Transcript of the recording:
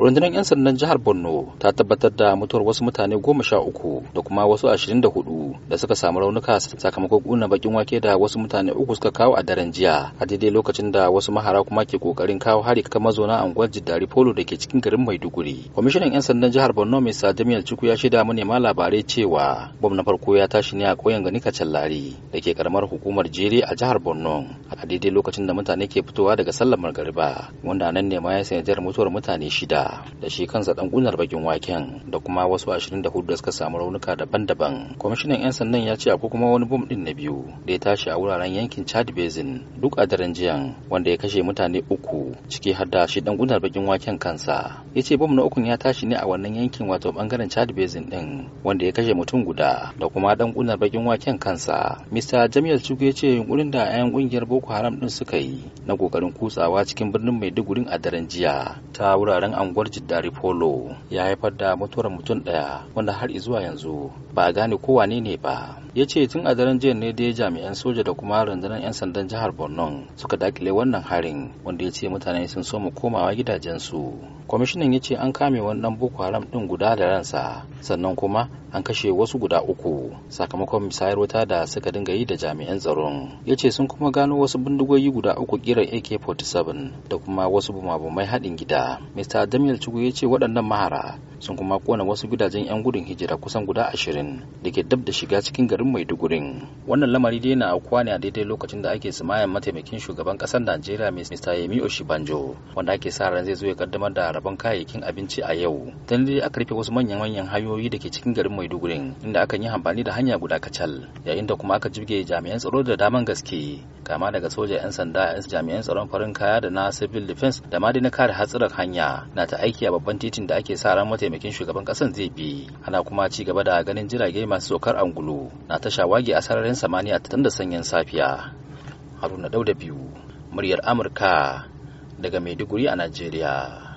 rundunar 'yan sandan jihar borno ta tabbatar da mutuwar wasu mutane goma sha uku da kuma wasu ashirin da hudu da suka samu raunuka sakamakon kuna bakin wake da wasu mutane uku suka kawo a daren jiya a daidai lokacin da wasu mahara kuma ke kokarin kawo hari kan mazauna unguwar jidari polo da ke cikin garin maiduguri kwamishinan 'yan sandan jihar borno mai sadamiyar cuku ya shaida manema labarai cewa bom na farko ya tashi ne a ƙauyen gani kacallari da ke karamar hukumar jere a jihar borno a daidai lokacin da mutane ke fitowa daga sallar margariba wanda nan ne ma ya sanadiyar mutuwar mutane shida da shi kansa dan kunar bakin waken da kuma wasu 24 da suka samu raunuka daban-daban kwamishinan 'yan sandan ya ce akwai kuma wani bom din na biyu da ya tashi a wuraren yankin chad basin duk a daren jiyan wanda ya kashe mutane uku ciki har da shi dan kunar bakin waken kansa ya ce bom na ukun ya tashi ne a wannan yankin wato bangaren chad basin din wanda ya kashe mutum guda da kuma dan kunar bakin waken kansa mr jami'ar Chuku ya ce yunkurin da 'yan kungiyar boko haram din suka yi na kokarin kutsawa cikin birnin maidugurin a daren jiya ta wuraren anguwa unguwar Jiddari Polo ya haifar da mutuwar mutum daya wanda har zuwa yanzu ba gane ko ne ba. ya ce tun a daren jiya ne da ya jami'an soja da kuma rundunar 'yan sandan jihar borno suka dakile wannan harin wanda ya ce mutane sun so mu komawa gidajensu kwamishinan ya ce an kame wani dan boko haram din guda da ransa sannan kuma an kashe wasu guda uku sakamakon misayar wuta da suka dinga yi da jami'an tsaron ya ce sun kuma gano wasu bindigogi guda uku kiran ak-47 da kuma wasu bumabumai haɗin gida mr damiel chugu ya ce waɗannan mahara sun kuma kona wasu gidajen 'yan gudun hijira kusan guda ashirin da ke dab da shiga cikin garin garin Maiduguri. Wannan lamari dai na aukuwa ne a daidai lokacin da ake sumayan mataimakin shugaban kasar Najeriya Mr. Yemi Oshibanjo wanda ake sa ran zai zo ya kaddamar da rabon kayayyakin abinci a yau. Dan dai aka rufe wasu manyan manyan hanyoyi da ke cikin garin Maiduguri inda aka yi amfani da hanya guda kacal yayin da kuma aka jibge jami'an tsaro da daman gaske kama daga soja 'yan sanda a jami'an tsaron farin kaya da na civil defense da ma dai na kare hatsirar hanya na ta aiki a babban titin da ake sa ran mataimakin shugaban kasan zai bi ana kuma ci gaba da ganin jirage masu sokar angulu na ta shawagi a sararin samaniya ta tanda sanyin safiya haruna dauda biyu muryar amurka daga maiduguri a nigeria.